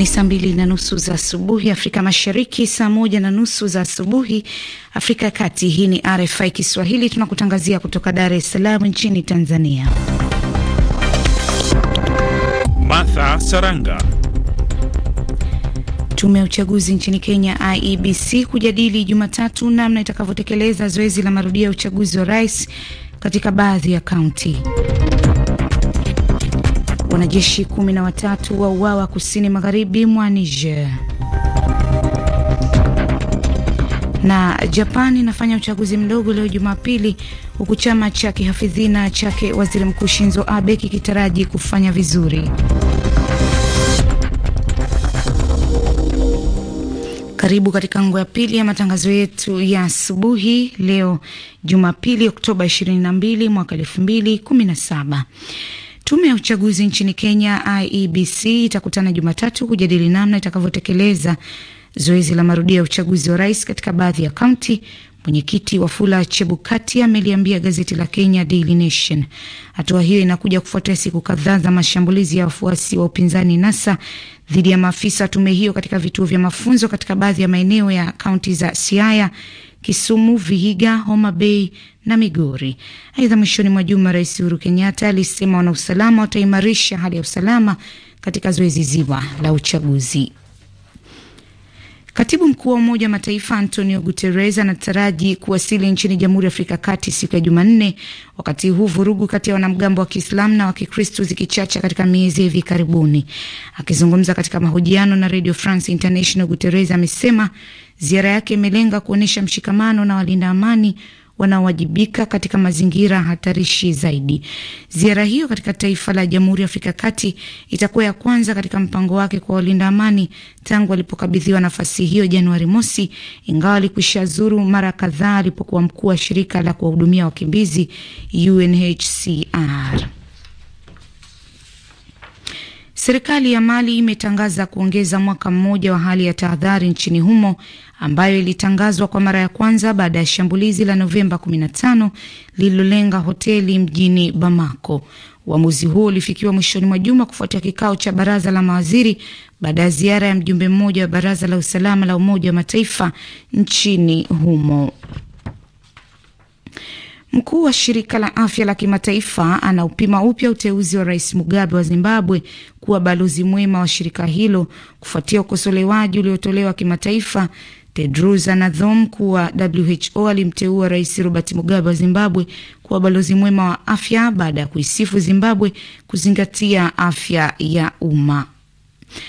Ni saa mbili na nusu za asubuhi Afrika Mashariki, saa moja na nusu za asubuhi Afrika ya Kati. Hii ni RFI Kiswahili, tunakutangazia kutoka Dar es Salaam nchini Tanzania. Martha Saranga. Tume ya uchaguzi nchini Kenya, IEBC, kujadili Jumatatu namna itakavyotekeleza zoezi la marudio ya uchaguzi wa rais katika baadhi ya kaunti. Wanajeshi kumi na watatu wauawa kusini magharibi mwa Niger. Na Japan inafanya uchaguzi mdogo leo Jumapili, huku chama cha kihafidhina chake waziri mkuu Shinzo Abe kikitaraji kufanya vizuri. Karibu katika ngo ya pili ya matangazo yetu ya asubuhi leo Jumapili, Oktoba 22 mwaka 2017. Tume ya uchaguzi nchini Kenya, IEBC, itakutana Jumatatu kujadili namna itakavyotekeleza zoezi la marudio ya uchaguzi wa rais katika baadhi ya kaunti. Mwenyekiti Wafula Chebukati ameliambia gazeti la Kenya Daily Nation. Hatua hiyo inakuja kufuatia siku kadhaa za mashambulizi ya wafuasi wa upinzani NASA dhidi ya maafisa wa tume hiyo katika vituo vya mafunzo katika baadhi ya maeneo ya kaunti za Siaya Kisumu, Vihiga, Homa Bay na Migori. Aidha, mwishoni mwa juma Rais Uhuru Kenyatta alisema wanausalama wataimarisha hali ya usalama katika zoezi zima la uchaguzi. Katibu mkuu wa Umoja wa Mataifa Antonio Guterres anataraji kuwasili nchini Jamhuri ya Afrika Kati siku ya Jumanne, wakati huu vurugu kati ya wanamgambo wa Kiislamu na wa Kikristu zikichacha katika miezi hivi karibuni. Akizungumza katika mahojiano na Radio France International, Guterres amesema ziara yake imelenga kuonyesha mshikamano na walinda amani wanaowajibika katika mazingira hatarishi zaidi. Ziara hiyo katika taifa la Jamhuri ya Afrika ya Kati itakuwa ya kwanza katika mpango wake kwa walinda amani tangu alipokabidhiwa nafasi hiyo Januari mosi, ingawa alikwisha zuru mara kadhaa alipokuwa mkuu wa shirika la kuwahudumia wakimbizi UNHCR. Serikali ya Mali imetangaza kuongeza mwaka mmoja wa hali ya tahadhari nchini humo ambayo ilitangazwa kwa mara ya kwanza baada ya shambulizi la Novemba 15 lililolenga hoteli mjini Bamako. Uamuzi huo ulifikiwa mwishoni mwa juma kufuatia kikao cha baraza la mawaziri baada ya ziara ya mjumbe mmoja wa baraza la usalama la Umoja wa Mataifa nchini humo. Mkuu wa shirika la afya la kimataifa anaupima upya uteuzi wa Rais Mugabe wa Zimbabwe kuwa balozi mwema wa shirika hilo kufuatia ukosolewaji uliotolewa kimataifa. Tedros Adhanom kuwa WHO alimteua Rais Robert Mugabe wa Zimbabwe kuwa balozi mwema wa afya baada ya kuisifu Zimbabwe kuzingatia afya ya umma.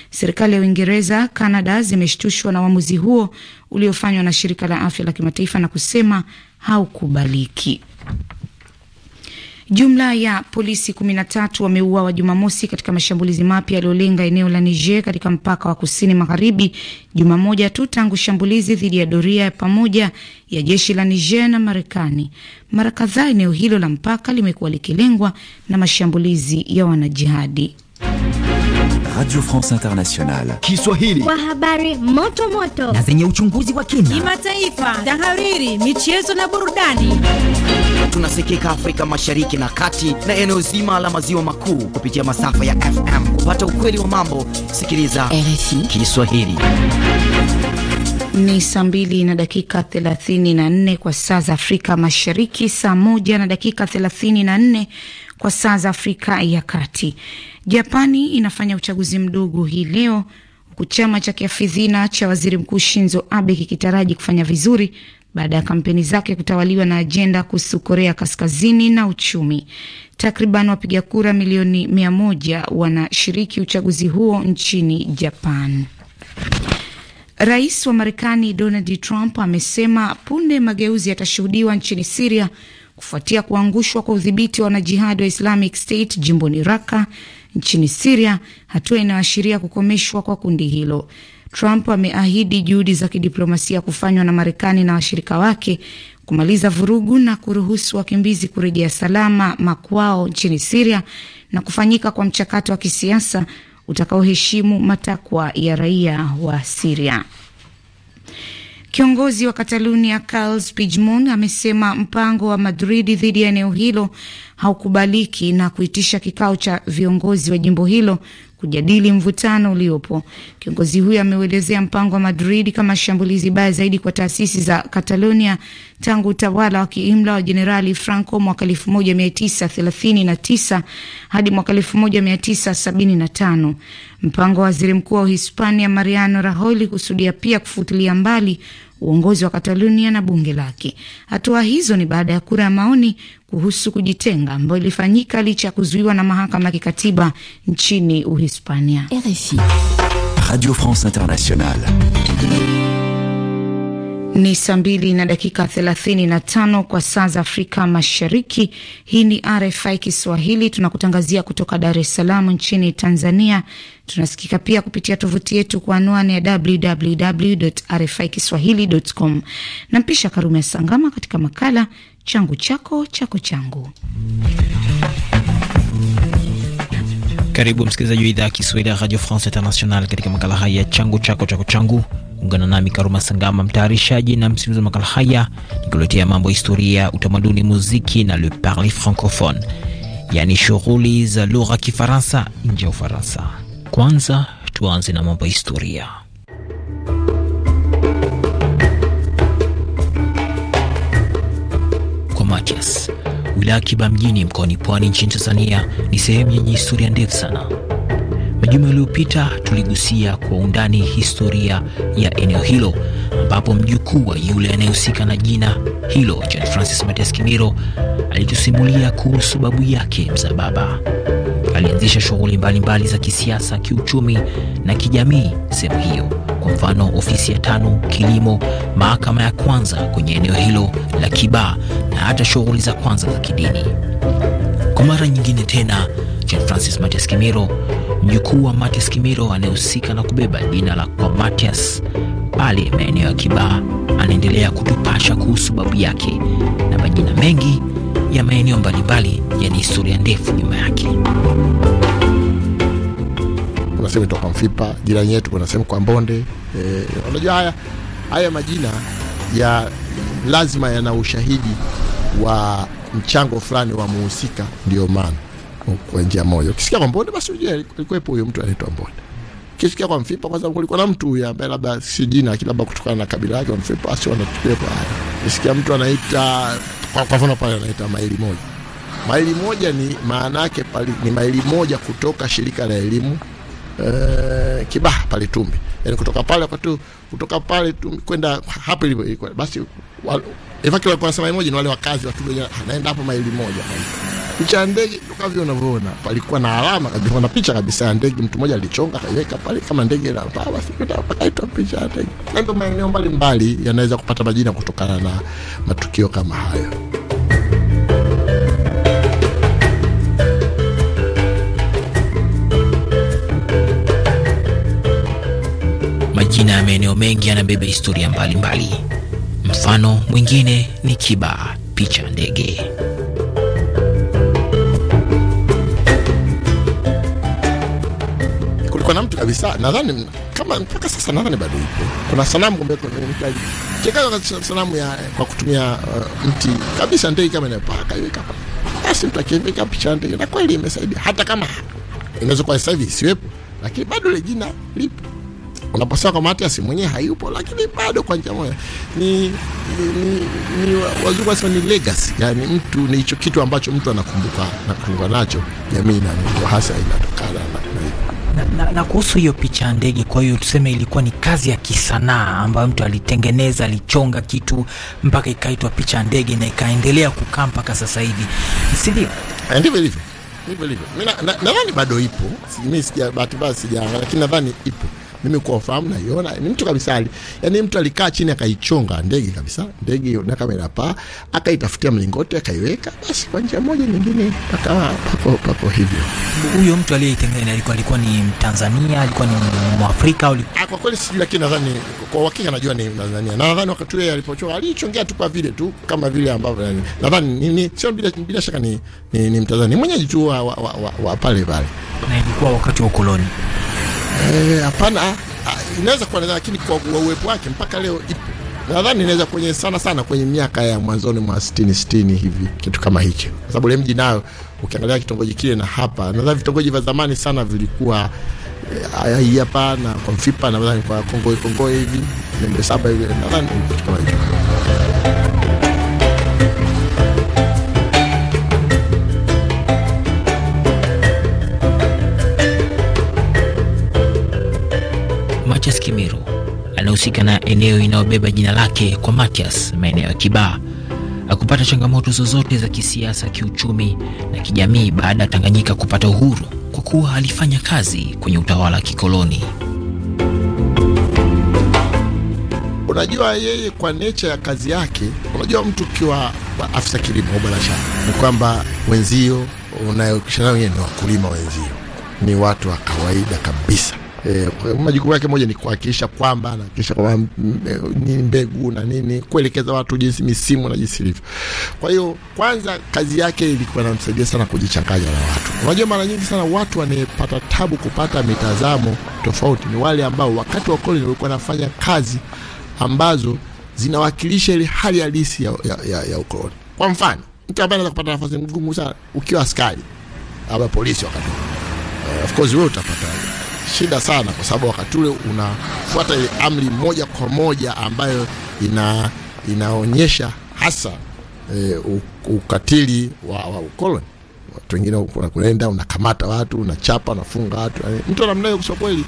Serikali ya Uingereza, Kanada zimeshtushwa na uamuzi huo uliofanywa na shirika la afya la kimataifa na kusema haukubaliki. Jumla ya polisi 13 wameuawa Jumamosi katika mashambulizi mapya yaliyolenga eneo la Niger katika mpaka wa kusini magharibi, juma moja tu tangu shambulizi dhidi ya doria ya pamoja ya jeshi la Niger na Marekani. Mara kadhaa eneo hilo la mpaka limekuwa likilengwa na mashambulizi ya wanajihadi. Radio France Internationale Kiswahili kwa habari moto moto na zenye uchunguzi wa kina, kimataifa, tahariri, michezo na burudani. Tunasikika Afrika Mashariki na Kati na eneo zima la maziwa makuu kupitia masafa ya FM. Kupata ukweli wa mambo, sikiliza RFI Kiswahili. Ni saa mbili na dakika 34 kwa saa za Afrika Mashariki, saa moja na dakika 34 kwa saa za Afrika ya Kati. Japani inafanya uchaguzi mdogo hii leo huku chama cha kiafidhina cha waziri mkuu Shinzo Abe kikitaraji kufanya vizuri baada ya kampeni zake kutawaliwa na ajenda kuhusu Korea Kaskazini na uchumi. Takriban wapiga kura milioni mia moja wanashiriki uchaguzi huo nchini Japan. Rais wa Marekani Donald Trump amesema punde mageuzi yatashuhudiwa nchini Siria kufuatia kuangushwa kwa udhibiti wa wanajihadi wa Islamic State jimboni Raka nchini Siria, hatua inayoashiria kukomeshwa kwa kundi hilo. Trump ameahidi juhudi za kidiplomasia kufanywa na Marekani na washirika wake kumaliza vurugu na kuruhusu wakimbizi kurejea salama makwao nchini Siria na kufanyika kwa mchakato wa kisiasa utakaoheshimu matakwa ya raia wa Siria. Kiongozi wa Katalunia Carles Puigdemont amesema mpango wa Madrid dhidi ya eneo hilo haukubaliki na kuitisha kikao cha viongozi wa jimbo hilo kujadili mvutano uliopo. Kiongozi huyo ameuelezea mpango wa Madrid kama shambulizi baya zaidi kwa taasisi za Catalonia tangu utawala wa kiimla wa Jenerali Franco mwaka 1939 hadi mwaka 1975. Mpango wa waziri mkuu wa Uhispania Mariano Rajoy kusudia pia kufutilia mbali uongozi wa Katalunia na bunge lake. Hatua hizo ni baada ya kura ya maoni kuhusu kujitenga ambayo ilifanyika licha ya kuzuiwa na mahakama ya kikatiba nchini Uhispania. RFI Radio France Internationale. Ni saa mbili na dakika 35 kwa saa za Afrika Mashariki. Hii ni RFI Kiswahili, tunakutangazia kutoka Dar es Salaam nchini Tanzania. Tunasikika pia kupitia tovuti yetu kwa anwani ya www RFI kiswahilicom. Nampisha Karume ya Sangama katika makala changu chako chako changu. Karibu msikilizaji wa idhaa ya Kiswahili ya Radio France International katika makala haya ya changu chako chako changu, changu. Ungana nami Karuma Sangama, mtayarishaji na msimulizi wa makala haya, nikuletea mambo ya historia, utamaduni, muziki na le parler francophone, yaani shughuli za lugha Kifaransa nje ya Ufaransa. Kwanza tuanze na mambo ya historia. Kwa Matias, wilaya Kiba mjini mkoani Pwani nchini Tanzania ni sehemu yenye historia ndefu sana. Juma iliyopita tuligusia kwa undani historia ya eneo hilo, ambapo mjukuu wa yule anayehusika na jina hilo John Francis Matias Kimiro alitusimulia kuhusu babu yake mzababa. Alianzisha shughuli mbalimbali za kisiasa, kiuchumi na kijamii sehemu hiyo, kwa mfano ofisi ya tano kilimo, mahakama ya kwanza kwenye eneo hilo la Kibaa na hata shughuli za kwanza za kidini. Kwa mara nyingine tena, John Francis Matias Kimiro mjukuu wa Matias Kimiro anayehusika na kubeba jina la kwa Matias pale maeneo ya kibaa anaendelea kutupasha kuhusu babu yake na majina mengi ya maeneo mbalimbali yana historia ndefu nyuma yake. Unasema toka Mfipa, jirani yetu unasema kwa Mbonde. E, unajua e, haya haya majina ya lazima yana ushahidi wa mchango fulani wa muhusika, ndio maana kwa njia moja. Ukisikia kwa Mbonde, basi ujue alikuwepo huyo mtu anaitwa Mbonde. Ukisikia kwa Mfipa, kwa sababu kulikuwa na mtu huyo ambaye labda si jina, labda kutokana na kabila lake Mfipa, basi wanachukuliwa haya. Ukisikia mtu anaita kwa, kwa mfano pale anaita maili moja, maili moja ni maana yake pale ni maili moja kutoka shirika la elimu Uh, Kibaha pale Tumbi, yani kutoka pale kwa tu kutoka pale Tumbi kwenda hapo ilivyo basi, in fact kwa nasema moja ni wale wakazi wa Tumbi, anaenda hapo maili moja picha ya ndege tukavyo unavyoona, palikuwa na alama kabisa na picha kabisa ya ndege, mtu mmoja alichonga kaiweka pale kama ndege la mpala, sikuna pakaitwa picha ya ndege. Na ndio maeneo mbalimbali yanaweza kupata majina kutokana na matukio kama hayo. Majina ya maeneo mengi yanabeba historia mbalimbali mbali. Mfano mwingine ni Kiba, picha ya ndege. kulikuwa na mtu kabisa, nadhani kama mpaka sasa nadhani bado ipo. Kuna sanamu kumbe mtaji chekana sanamu ya kwa kutumia uh, mti kabisa, ndio kama inapaka hiyo kama basi, mtu akiweka picha ndio, na kweli imesaidia, hata kama inaweza kwa sasa hivi isiwepo, lakini bado ile jina lipo unaposema kwamba Matias mwenyewe hayupo, lakini bado kwa njia moja ni, ni, ni, ni wazungu wanasema ni legacy, yani mtu ni hicho kitu ambacho mtu anakumbuka na nakumbuka nacho jamii na hasa ina na, na, na kuhusu hiyo picha ya ndege, kwa hiyo tuseme ilikuwa ni kazi ya kisanaa ambayo mtu alitengeneza, alichonga kitu mpaka ikaitwa picha ya ndege na ikaendelea kukaa mpaka sasa hivi, si ndio? Eh, ndivyo ilivyo, ndivyo ilivyo. Mimi nadhani bado ipo, mimi sija bahati mbaya sijaangalia, lakini nadhani ipo mimi confirm naiona ni mtu kabisa, ali yani mtu alikaa chini akaichonga ndege kabisa, ndege na kamera pa akaitafutia mlingoti akaiweka, basi kwa njia moja nyingine pakawa pako pako hivyo. Huyo mtu aliyeitengeneza alikuwa alikuwa ni Mtanzania, alikuwa ni Mwafrika? Ah, kwa kweli sijui, lakini nadhani kwa uhakika najua ni Mtanzania, na nadhani wakati yeye alipochora alichongea tu kwa vile tu kama vile ambavyo yani, nadhani ni, ni sio bila, bila shaka ni, ni, ni Mtanzania mwenyeji tu wa, wa, wa, wa pale pale, na ilikuwa wakati wa ukoloni Eh, hapana eh, inaweza kuwa lakini kwa uwepo wake mpaka leo ipo nadhani inaweza kwenye sana sana kwenye miaka ya mwanzoni mwa sitini sitini hivi kitu kama hicho, kwa sababu ile mji nayo ukiangalia kitongoji kile na hapa, nadhani vitongoji vya zamani sana vilikuwa eh, hii hapa na kwa Mfipa, nadhani kwa Kongoe Kongoe hivi Nembe Saba hivi, nadhani kitu kama hicho. Kimiru anahusika na eneo inayobeba jina lake kwa Matias, maeneo ya kibaa akupata changamoto zozote za kisiasa, kiuchumi na kijamii baada ya Tanganyika kupata uhuru, kwa kuwa alifanya kazi kwenye utawala wa kikoloni. Unajua, yeye kwa necha ya kazi yake, unajua mtu ukiwa afisa kilimo bila shaka ni kwamba wenzio unayokishana nao yeye ni wakulima, wenzio ni watu wa kawaida kabisa eh, majukumu yake moja ni kuhakikisha kwamba anahakikisha kwamba ni mm, eh, mbegu na nini kuelekeza watu jinsi misimu na jinsi ilivyo. Kwa hiyo kwanza kazi yake ilikuwa inamsaidia sana kujichanganya na watu. Unajua, mara nyingi sana watu wanapata tabu kupata mitazamo tofauti ni wale ambao wakati wa koloni walikuwa wanafanya kazi ambazo zinawakilisha ile hali halisi ya, ya, ya, ya ukoloni. Kwa mfano, mtu ambaye anaweza kupata nafasi ngumu sana ukiwa askari ama polisi wakati. Uh, of course wewe utapata shida sana, kwa sababu wakati ule unafuata ile amri moja kwa moja ambayo ina, inaonyesha hasa e, ukatili wa, wa ukoloni. Watu wengine unakwenda unakamata watu unachapa unafunga watu, mtu namna hiyo, kusema kweli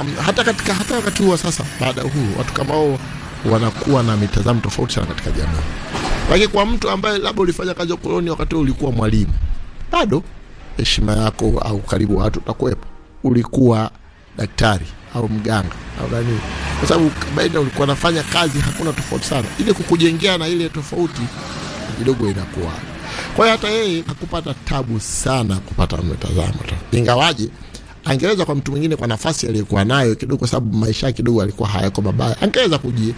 um, hata katika hata wakati huu wa sasa baada ya uhuru watu kama hao wanakuwa na mitazamo tofauti sana katika jamii. Lakini kwa mtu ambaye labda ulifanya kazi ya ukoloni wakati ulikuwa mwalimu, bado heshima yako au karibu watu utakuwepo ulikuwa daktari au mganga au nani, kwa sababu kawaida ulikuwa nafanya kazi, hakuna tofauti sana. Ile kukujengea na ile tofauti kidogo inakuwa. Kwa hiyo hata yeye hakupata tabu sana kupata mtazamo, tu, ingawaje angeweza kwa mtu mwingine kwa nafasi aliyokuwa nayo kidogo, kwa sababu maisha kidogo alikuwa hayako mabaya, angeweza kuji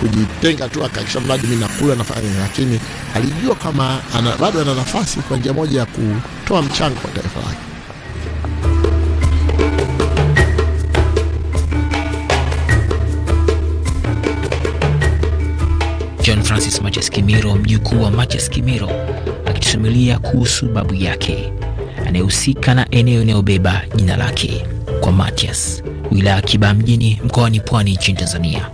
kujitenga kuji tu akakisha mradi mimi nakula nafanya, lakini alijua kama ana, bado ana nafasi kwa njia moja ya kutoa mchango kwa taifa lake. Francis Matias Kimiro, mjukuu wa Matias Kimiro, akitusimulia kuhusu babu yake anayehusika na eneo inayobeba jina lake kwa Matias, wilaya Kiba mjini mkoani Pwani nchini Tanzania.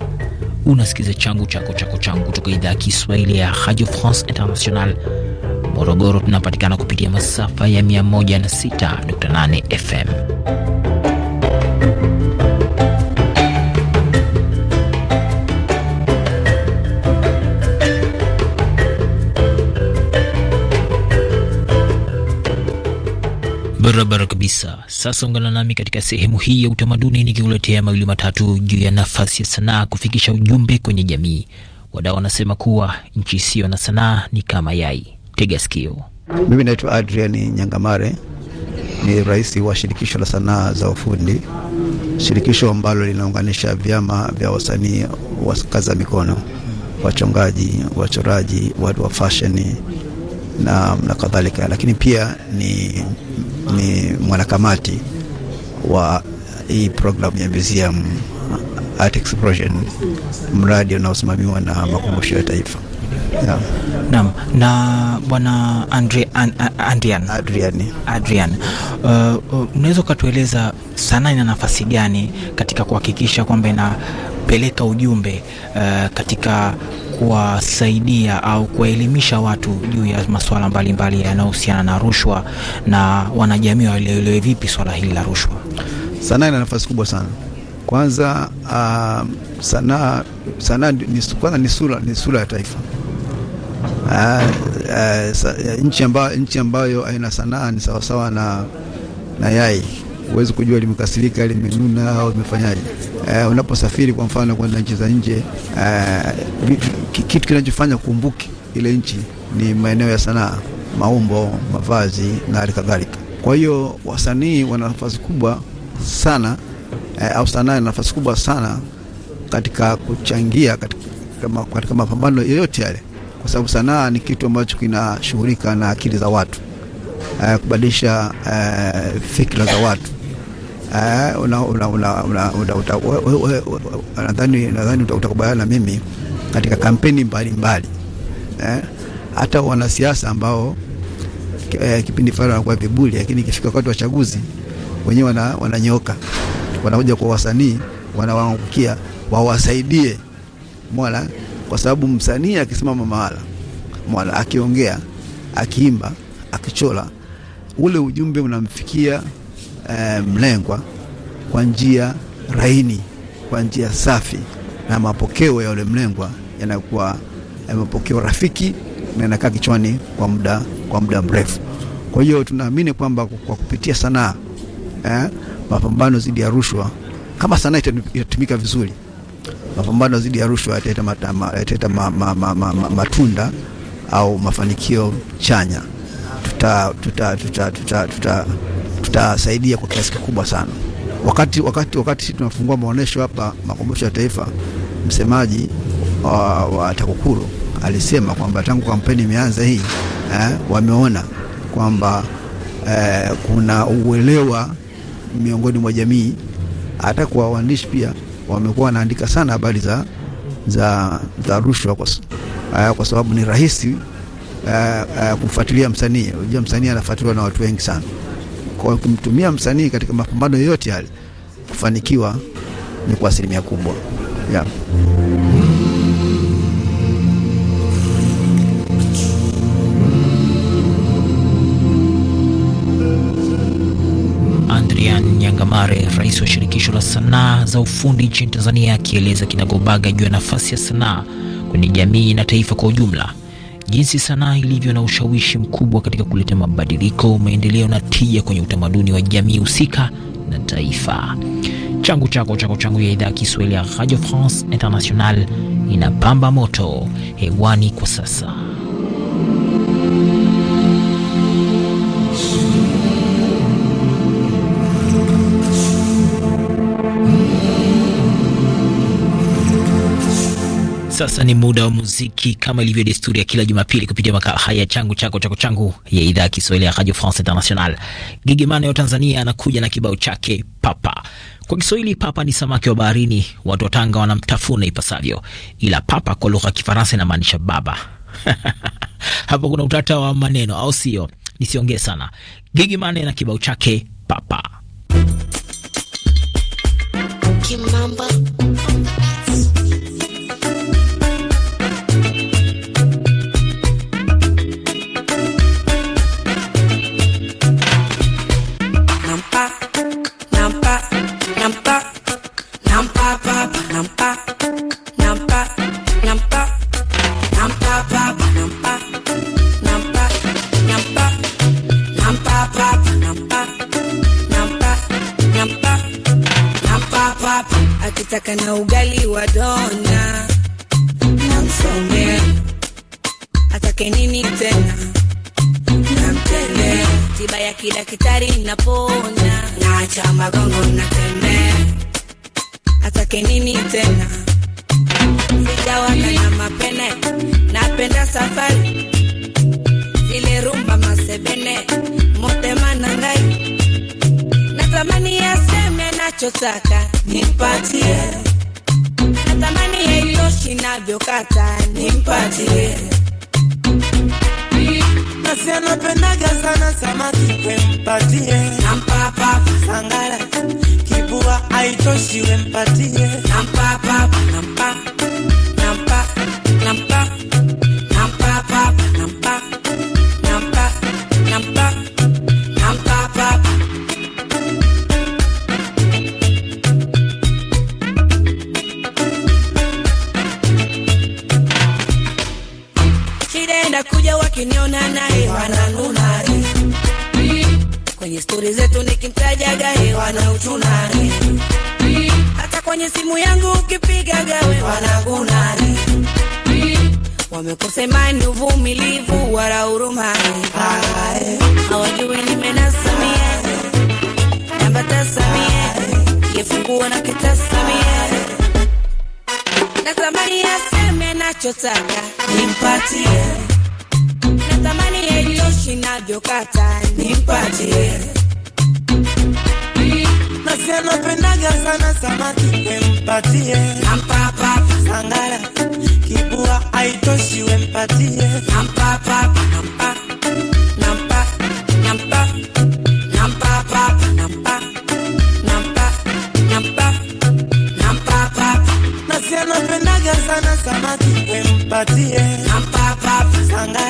Unasikiza changu chako chako changu kutoka idhaa ya Kiswahili ya Radio France International. Morogoro tunapatikana kupitia masafa ya 106.8 FM. Barabara kabisa. Sasa ungana nami katika sehemu hii ya utamaduni, nikiuletea mawili matatu juu ya nafasi ya sanaa kufikisha ujumbe kwenye jamii. Wadau wanasema kuwa nchi isiyo na sanaa ni kama yai. Tega sikio. Mimi naitwa Adrian Nyangamare, ni rais wa shirikisho la sanaa za ufundi, shirikisho ambalo linaunganisha vyama vya wasanii wa kazi za mikono, wachongaji, wachoraji, watu wa fasheni na, na kadhalika, lakini pia ni ni mwanakamati wa hii programu ya museum Art Explosion, mradi unaosimamiwa na makumbusho ya taifa. Yeah. Naam, na bwana Andre, Adrian, Adrian, Adrian, uh, uh, unaweza uh, ukatueleza sanaa ina nafasi gani katika kuhakikisha kwamba inapeleka ujumbe uh, katika kuwasaidia au kuwaelimisha watu juu ya masuala mbalimbali yanayohusiana na rushwa na wanajamii walielewe vipi swala hili la rushwa? Sanaa ina nafasi kubwa sana. Kwanza uh, sanaa sanaa kwanza ni sura ni sura ya taifa. Uh, uh, sa, nchi ambayo nchi ambayo haina sanaa ni sawasawa na, na yai huwezi kujua limekasirika limenuna au limefanyaje. Uh, unaposafiri kwa mfano kwenda nchi za nje uh, kitu kinachofanya kumbuki ile nchi ni maeneo ya sanaa, maumbo, mavazi na hali kadhalika. Kwa hiyo wasanii wana nafasi kubwa sana eh, au sanaa ina nafasi kubwa sana katika kuchangia katika, katika mapambano yoyote yale, kwa sababu sanaa ni kitu ambacho kinashughulika na akili za watu eh, kubadilisha eh, fikra za watu nadhani utakubaliana na mimi katika kampeni mbalimbali mbali. Eh, hata wanasiasa ambao eh, kipindi fulani wanakuwa vibuli, lakini ikifika wakati wa chaguzi wenyewe wana, wananyoka wanakuja kwa wasanii wanawaangukia wawasaidie mwana, kwa sababu msanii akisimama mahala mwana, akiongea, akiimba, akichola, ule ujumbe unamfikia eh, mlengwa kwa njia raini kwa njia safi na mapokeo ya yule mlengwa yanakuwa eh, mapokeo rafiki na yanakaa kichwani kwa muda kwa muda mrefu. Kwa hiyo tunaamini kwamba kwa kupitia sanaa eh, mapambano dhidi ya rushwa, kama sanaa itatumika vizuri, mapambano dhidi ya rushwa yataleta matunda ma, ma, ma, ma, ma, matunda au mafanikio chanya, tutasaidia tuta, tuta, tuta, tuta, tuta kwa kiasi kikubwa sana wakati, wakati, wakati tunafungua maonyesho hapa makumbusho ya taifa, msemaji wa, wa TAKUKURU alisema kwamba tangu kampeni imeanza hii eh, wameona kwamba eh, kuna uelewa miongoni mwa jamii, hata kwa waandishi pia wamekuwa wanaandika sana habari za, za, za rushwa kwa, eh, kwa sababu ni rahisi eh, eh, kumfuatilia msanii. Unajua msanii anafuatiliwa na watu wengi sana. Kwa kumtumia msanii katika mapambano yoyote yale kufanikiwa ni kwa asilimia kubwa yeah. Nyangamare, rais wa shirikisho la sanaa za ufundi nchini Tanzania, akieleza kinagobaga juu ya nafasi ya sanaa kwenye jamii na taifa kwa ujumla jinsi sanaa ilivyo na ushawishi mkubwa katika kuleta mabadiliko, maendeleo na tija kwenye utamaduni wa jamii husika na taifa. Changu Chako Chako Changu ya idhaa ya Kiswahili ya Radio France International inapamba moto hewani kwa sasa. Sasa ni muda wa muziki kama ilivyo desturi ya kila Jumapili kupitia makala haya changu chako chako changu ya idhaa ya Kiswahili ya Radio France International. Gigi Mane wa Tanzania anakuja na kibao chake papa. Kwa Kiswahili papa ni samaki wa baharini, watu wa Tanga wanamtafuna ipasavyo, ila papa kwa lugha ya Kifaransa inamaanisha baba. Hapo kuna utata wa maneno, au sio? Nisiongee sana. Gigi Mane na kibao chake papa Kimamba. ninachotaka nipatie, natamani yaiyoshi navyokata nipatie. Nasi anapendaga sana samaki, wempatie. nampapapa sangara kibua aitoshi, wempatie. Nampapa nampa nampa nampa nampapa nampa ukiniona naye wananunari kwenye stori zetu nikimtajaga hewa na uchunari hata kwenye simu yangu ukipiga gawe we wanagunari wamekosema ni uvumilivu wala hurumani hawajui namba tasamia kifungua na kitasamie natamani aseme nachotaka nimpatie kata nipatie. Nasia napendaga sana samaki wempatie, ampapa sangara kibua aitoshi wempatie, ampapa nampa nampa nampa nampapa nampa nampa nampa nampapa. Nasia napendaga sana samaki wempatie, ampapa sangara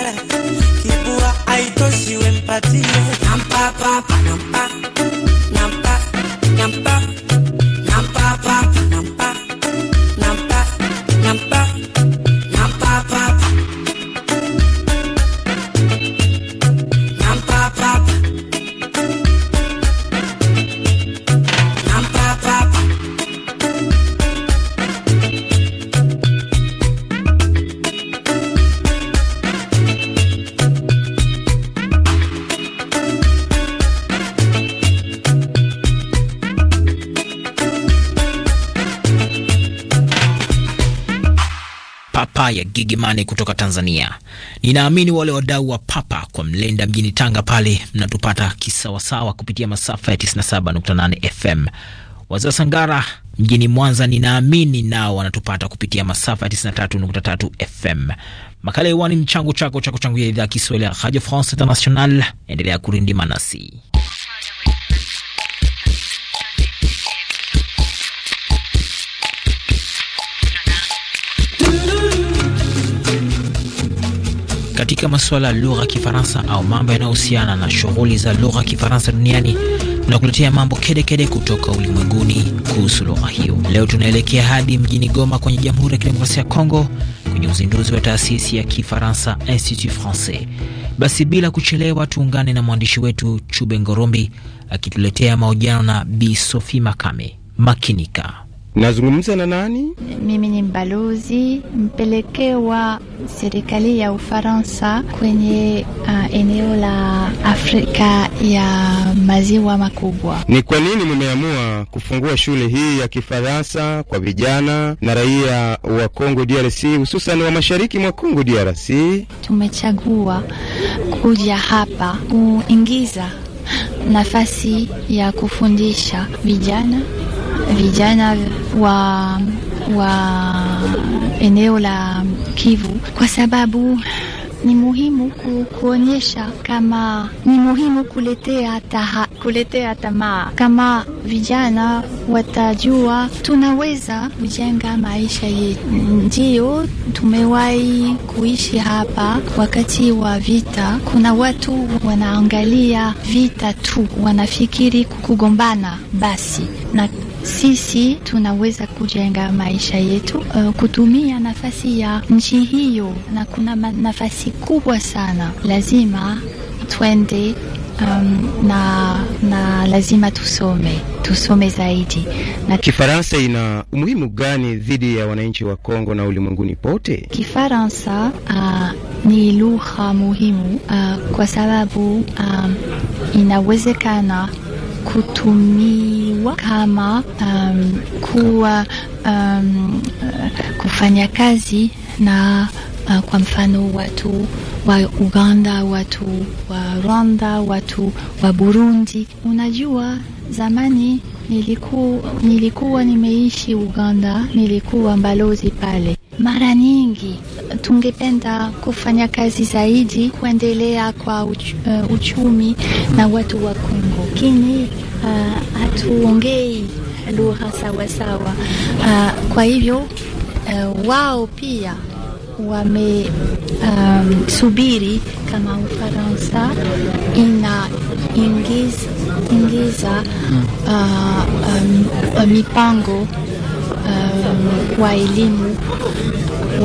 party. Pam, pam, pam, pam, pam. ya Gigimani kutoka Tanzania. Ninaamini wale wadau wa Papa kwa Mlenda mjini Tanga pale mnatupata kisawasawa kupitia masafa ya 97.8 FM. Wazee Sangara mjini Mwanza, ninaamini nao wanatupata kupitia masafa ya 93.3 FM. Makala hewani, mchango chako cha kuchangia idhaa ya Kiswahili ya Radio France International. Endelea kurindima nasi katika masuala ya lugha ya Kifaransa au mambo yanayohusiana na shughuli za lugha ya Kifaransa duniani. Tunakuletea mambo kedekede kede kutoka ulimwenguni kuhusu lugha hiyo. Leo tunaelekea hadi mjini Goma kwenye Jamhuri ya Kidemokrasia ya Kongo kwenye uzinduzi wa taasisi ya Kifaransa Institut Francais. Basi bila kuchelewa, tuungane na mwandishi wetu Chube Ngorombi akituletea mahojiano na Bi Sophie Makame. Makinika. Nazungumza na nani? Mimi ni mbalozi mpelekee wa serikali ya Ufaransa kwenye uh, eneo la Afrika ya maziwa makubwa. Ni kwa nini mmeamua kufungua shule hii ya Kifaransa kwa vijana na raia wa Kongo DRC, hususan wa mashariki mwa Kongo DRC? Tumechagua kuja hapa kuingiza nafasi ya kufundisha vijana vijana wa, wa eneo la Kivu kwa sababu ni muhimu ku, kuonyesha kama ni muhimu kuletea taha, kuletea tamaa. Kama vijana watajua tunaweza kujenga maisha yetu. Ndio tumewahi kuishi hapa wakati wa vita. Kuna watu wanaangalia vita tu, wanafikiri kugombana basi na sisi tunaweza kujenga maisha yetu uh, kutumia nafasi ya nchi hiyo, na kuna nafasi kubwa sana. Lazima twende um, na, na lazima tusome tusome zaidi. Na Kifaransa ina umuhimu gani dhidi ya wananchi wa Kongo na ulimwenguni pote? Kifaransa uh, ni lugha muhimu uh, kwa sababu um, inawezekana kutumiwa kama um, kuwa um, uh, kufanya kazi na uh, kwa mfano watu wa Uganda, watu wa Rwanda, watu wa Burundi. Unajua, zamani niliku, nilikuwa nimeishi Uganda, nilikuwa balozi pale. Mara nyingi tungependa kufanya kazi zaidi, kuendelea kwa uch, uh, uchumi na watu wa Kongo lakini uh, hatuongei lugha sawasawa. Uh, kwa hivyo uh, wao pia wame um, subiri kama Ufaransa ina ingiza, ingiza hmm. uh, um, mipango um, wa elimu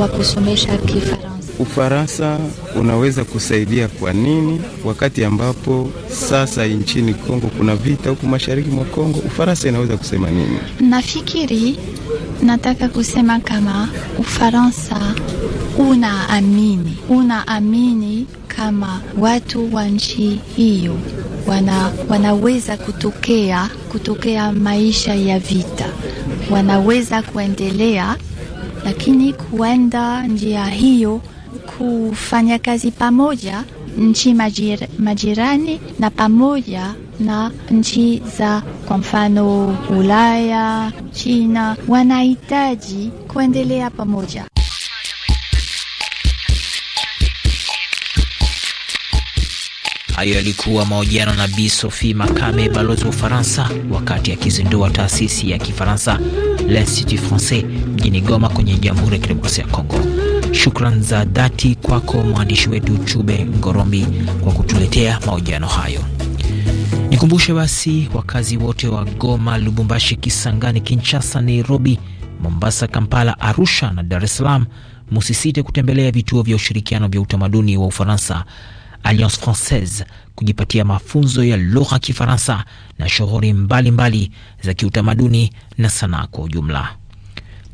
wa kusomesha Kifaransa. Ufaransa unaweza kusaidia kwa nini, wakati ambapo sasa nchini Kongo kuna vita huku mashariki mwa Kongo? Ufaransa inaweza kusema nini? Nafikiri nataka kusema kama Ufaransa unaamini unaamini kama watu wa nchi hiyo wana, wanaweza kutokea kutokea maisha ya vita, wanaweza kuendelea, lakini kuenda njia hiyo kufanya kazi pamoja nchi majir, majirani na pamoja na nchi za kwa mfano Ulaya, China wanahitaji kuendelea pamoja. Hayo yalikuwa mahojiano na Bi Sophie Makame, balozi wa Ufaransa, wakati akizindua taasisi ya Kifaransa L'Institut Francais mjini Goma kwenye Jamhuri ya Kidemokrasia ya Kongo. Shukran za dhati kwako mwandishi wetu Chube Ngoromi kwa kutuletea mahojiano hayo. Nikumbushe basi wakazi wote wa Goma, Lubumbashi, Kisangani, Kinshasa, Nairobi, Mombasa, Kampala, Arusha na Dar es Salaam, musisite kutembelea vituo vya ushirikiano vya utamaduni wa Ufaransa, Alliance Francaise, kujipatia mafunzo ya lugha Kifaransa na shughuli mbalimbali za kiutamaduni na sanaa kwa ujumla.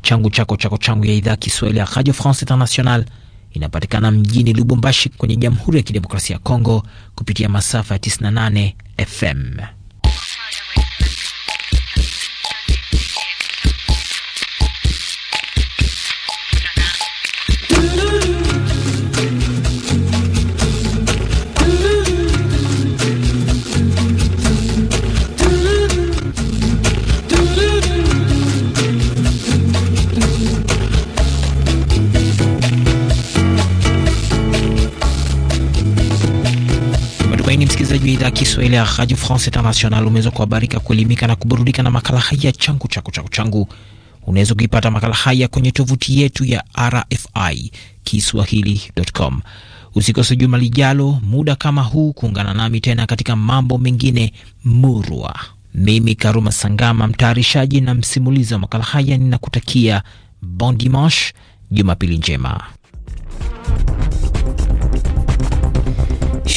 Changu Chako Chako Changu ya idhaa Kiswahili ya Radio France International inapatikana mjini Lubumbashi kwenye Jamhuri ya Kidemokrasia ya Kongo kupitia masafa ya 98 FM. msikilizaji wa idhaa Kiswahili ya Radio France International, umeweza kuhabarika, kuelimika na kuburudika na makala haya changu chako chako changu. Unaweza kuipata makala haya kwenye tovuti yetu ya RFI Kiswahili.com. Usikose juma lijalo muda kama huu kuungana nami tena katika mambo mengine murwa. Mimi Karuma Sangama, mtayarishaji na msimulizi wa makala haya, ninakutakia bon dimanche, jumapili njema.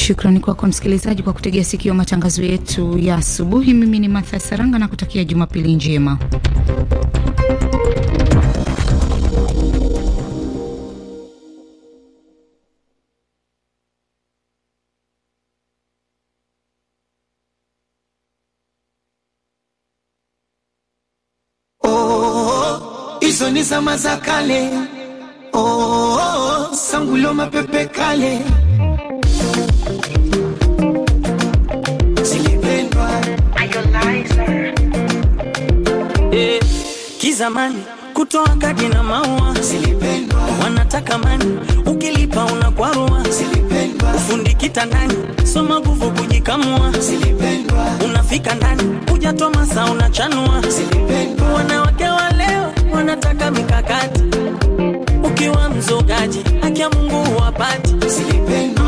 Shukrani kwako msikilizaji kwa kutegea sikio matangazo yetu ya asubuhi. Mimi ni Martha Saranga na kutakia Jumapili njema. Oh, hizo ni zama za kale, oh, oh, oh, sangulo mapepe kale zamani kutoa kadi na maua zilipendwa, wanataka mani, ukilipa unakwarua zilipendwa, ufundi kitandani, soma nguvu kujikamua zilipendwa, unafika ndani hujatoa masaa unachanua zilipendwa, wanawake wa leo wanataka mikakati, ukiwa mzogaji akia Mungu Mungu huwapati,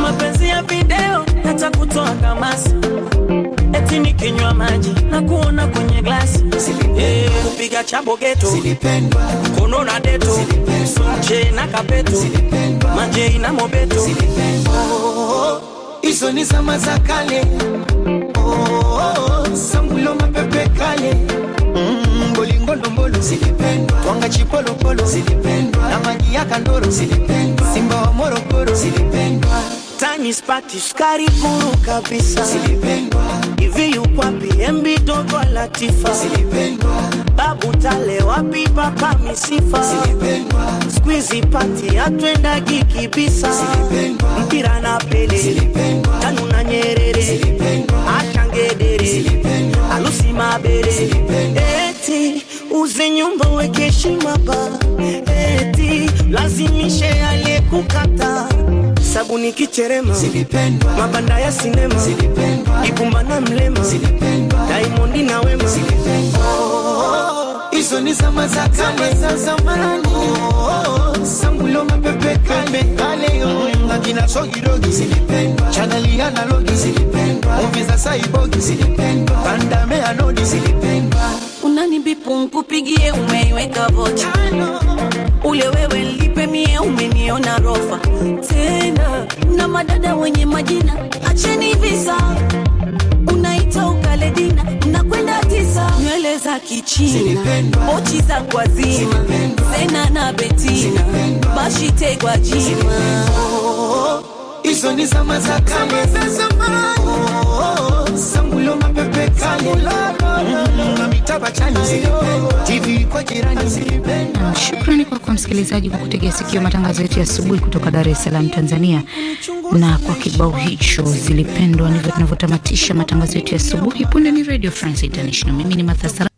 mapenzi ya video hata kutoa kamasi eti kinywa maji na kuona kwenye glasi eh, kupiga chabo geto kono na deto che na kapeto maje na mobeto hizo oh, ni zama za kale oh, sambulo mapepe kale mm, bolingo ndombolo twanga chipolopolo na maji ya kandoro simba wa morogoro utani spati skari kuru kabisa, silipendwa hivi yupo PMB dogo Latifa, silipendwa babu tale wapi papa misifa, silipendwa squeeze pati atwenda giki bisa, silipendwa mpira na pele, silipendwa tanu na Nyerere, silipendwa achangedere, silipendwa alusi mabere, silipendwa eti uze nyumba weke heshima eti lazimishe aliyekukata sabuni kicherema, silipendwa mabanda ya sinema, silipendwa Ipumba na Mlema, silipendwa Diamond na Wema, silipendwa hizo ni zama za kale za zamani unani bipungu pigie umeiweka vocha ule wewe lipe mie umeniona rofa tena na madada wenye majina acheni visa unaita ukaledina nakwenda tisa nywele za kichina ochi za kwazima sena na betina kwa jima Zinipendwa hizo ni zama za sangulo mapepe kwa Shukrani kwako msikilizaji kwa kutegea sikio matangazo yetu ya asubuhi kutoka Dar es Salaam, Tanzania, na kwa kibao hicho zilipendwa, ndivyo tunavyotamatisha matangazo yetu ya asubuhi. Punde ni Radio France International. Mimi ni Mathasara.